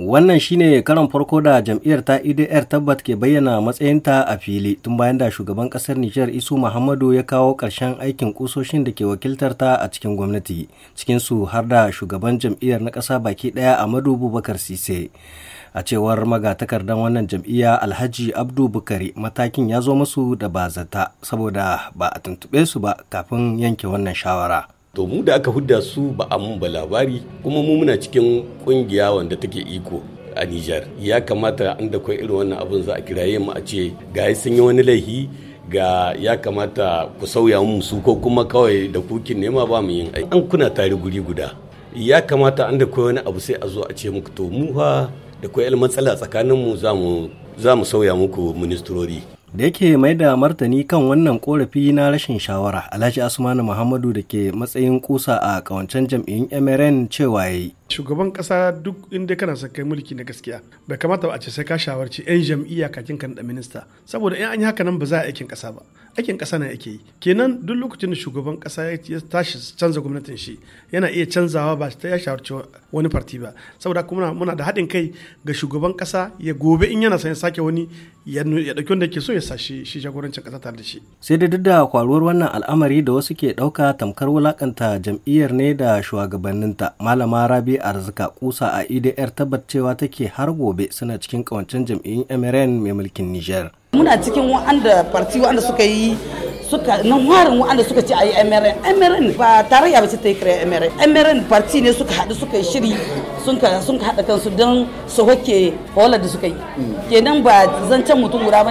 Wannan shine karan farko da jam'iyyar ta IDR e tabbat ke bayyana matsayinta a fili tun bayan da shugaban kasar Nijar Isu Muhammadu ya kawo ƙarshen aikin kusoshin da ke wakiltar ta a cikin gwamnati, cikinsu har da shugaban jam'iyyar na ƙasa baki ɗaya Amadu Bubakar Sise. A cewar magatakardan wannan jam'iyya Alhaji Abdu Bukari matakin ya zo masu da bazata saboda ba a tuntuɓe su ba kafin yanke wannan shawara. to mu da aka hudda su ba a mun ba labari kuma mu muna cikin kungiya wanda take iko a Nijar ya kamata an da kwai irin wannan abin za a kiraye mu a ce ga sun yi wani laifi, ga ya kamata ku sauya mu su ko kuma kawai da kukin nema ba mu yin aiki an kuna tare guri guda ya kamata an da kwai wani abu sai a zo a ce muku to mu fa da kwai matsala tsakanin mu za mu sauya muku ministrori da yake mai da martani kan wannan korafi na rashin shawara alhaji asmanu muhammadu da ke matsayin kusa a kawancen jam'iyyun mrn cewa ya yi shugaban kasa duk inda kana sa kai mulki na gaskiya bai kamata ba a ce sai ka shawarci yan jam'iyya kakin kan da minista saboda in an yi haka nan ba za a aikin kasa ba aikin kasa na ake yi kenan duk lokacin da shugaban kasa ya tashi canza gwamnatin shi yana iya canzawa ba ta ya shawarci wani farti ba saboda kuma muna da haɗin kai ga shugaban kasa ya gobe in yana son ya sake wani ya ɗauki wanda ke so ya sashi shi jagorancin kasa tare da shi sai dai duk da kwaruwar wannan al'amari da wasu ke ɗauka tamkar wulakanta jam'iyyar ne da shugabanninta malama rabi arzika kusa a idr e tabbat cewa take har gobe suna cikin kawancin jam'iyyun mrn mai mulkin niger muna cikin wanda farti wanda suka yi suka nan warin wanda suka ci a yi mrn mrn ba tarayya ba ce ta yi kare mrn mrn farti ne suka haɗu suka yi shiri sun ka haɗa kansu don su hoke da suka yi kenan ba zancen mutum guda ba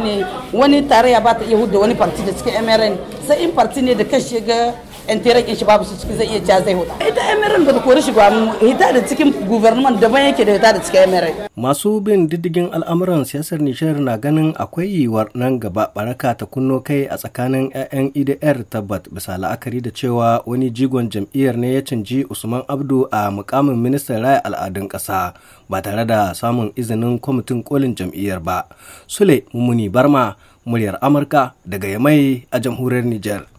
wani tarayya ba ta iya hudu wani farti da cikin mrn sai in farti ne da kashi ga in ta shi babu shi zai iya ja zai huda ita emirin ba ta kori shi ba hita da cikin guvernuman daban yake da hita da cikin emirin masu bin diddigin al'amuran siyasar nishar na ganin akwai yiwuwar nan gaba baraka ta kunno kai a tsakanin 'ya'yan idr e tabbat bisa la'akari da cewa wani jigon jam'iyyar ne ya canji usman abdu a mukamin ministan raya al'adun ƙasa ba tare da samun izinin kwamitin kolin jam'iyyar ba sule mumuni barma muryar amurka daga yamai a jamhuriyar nijar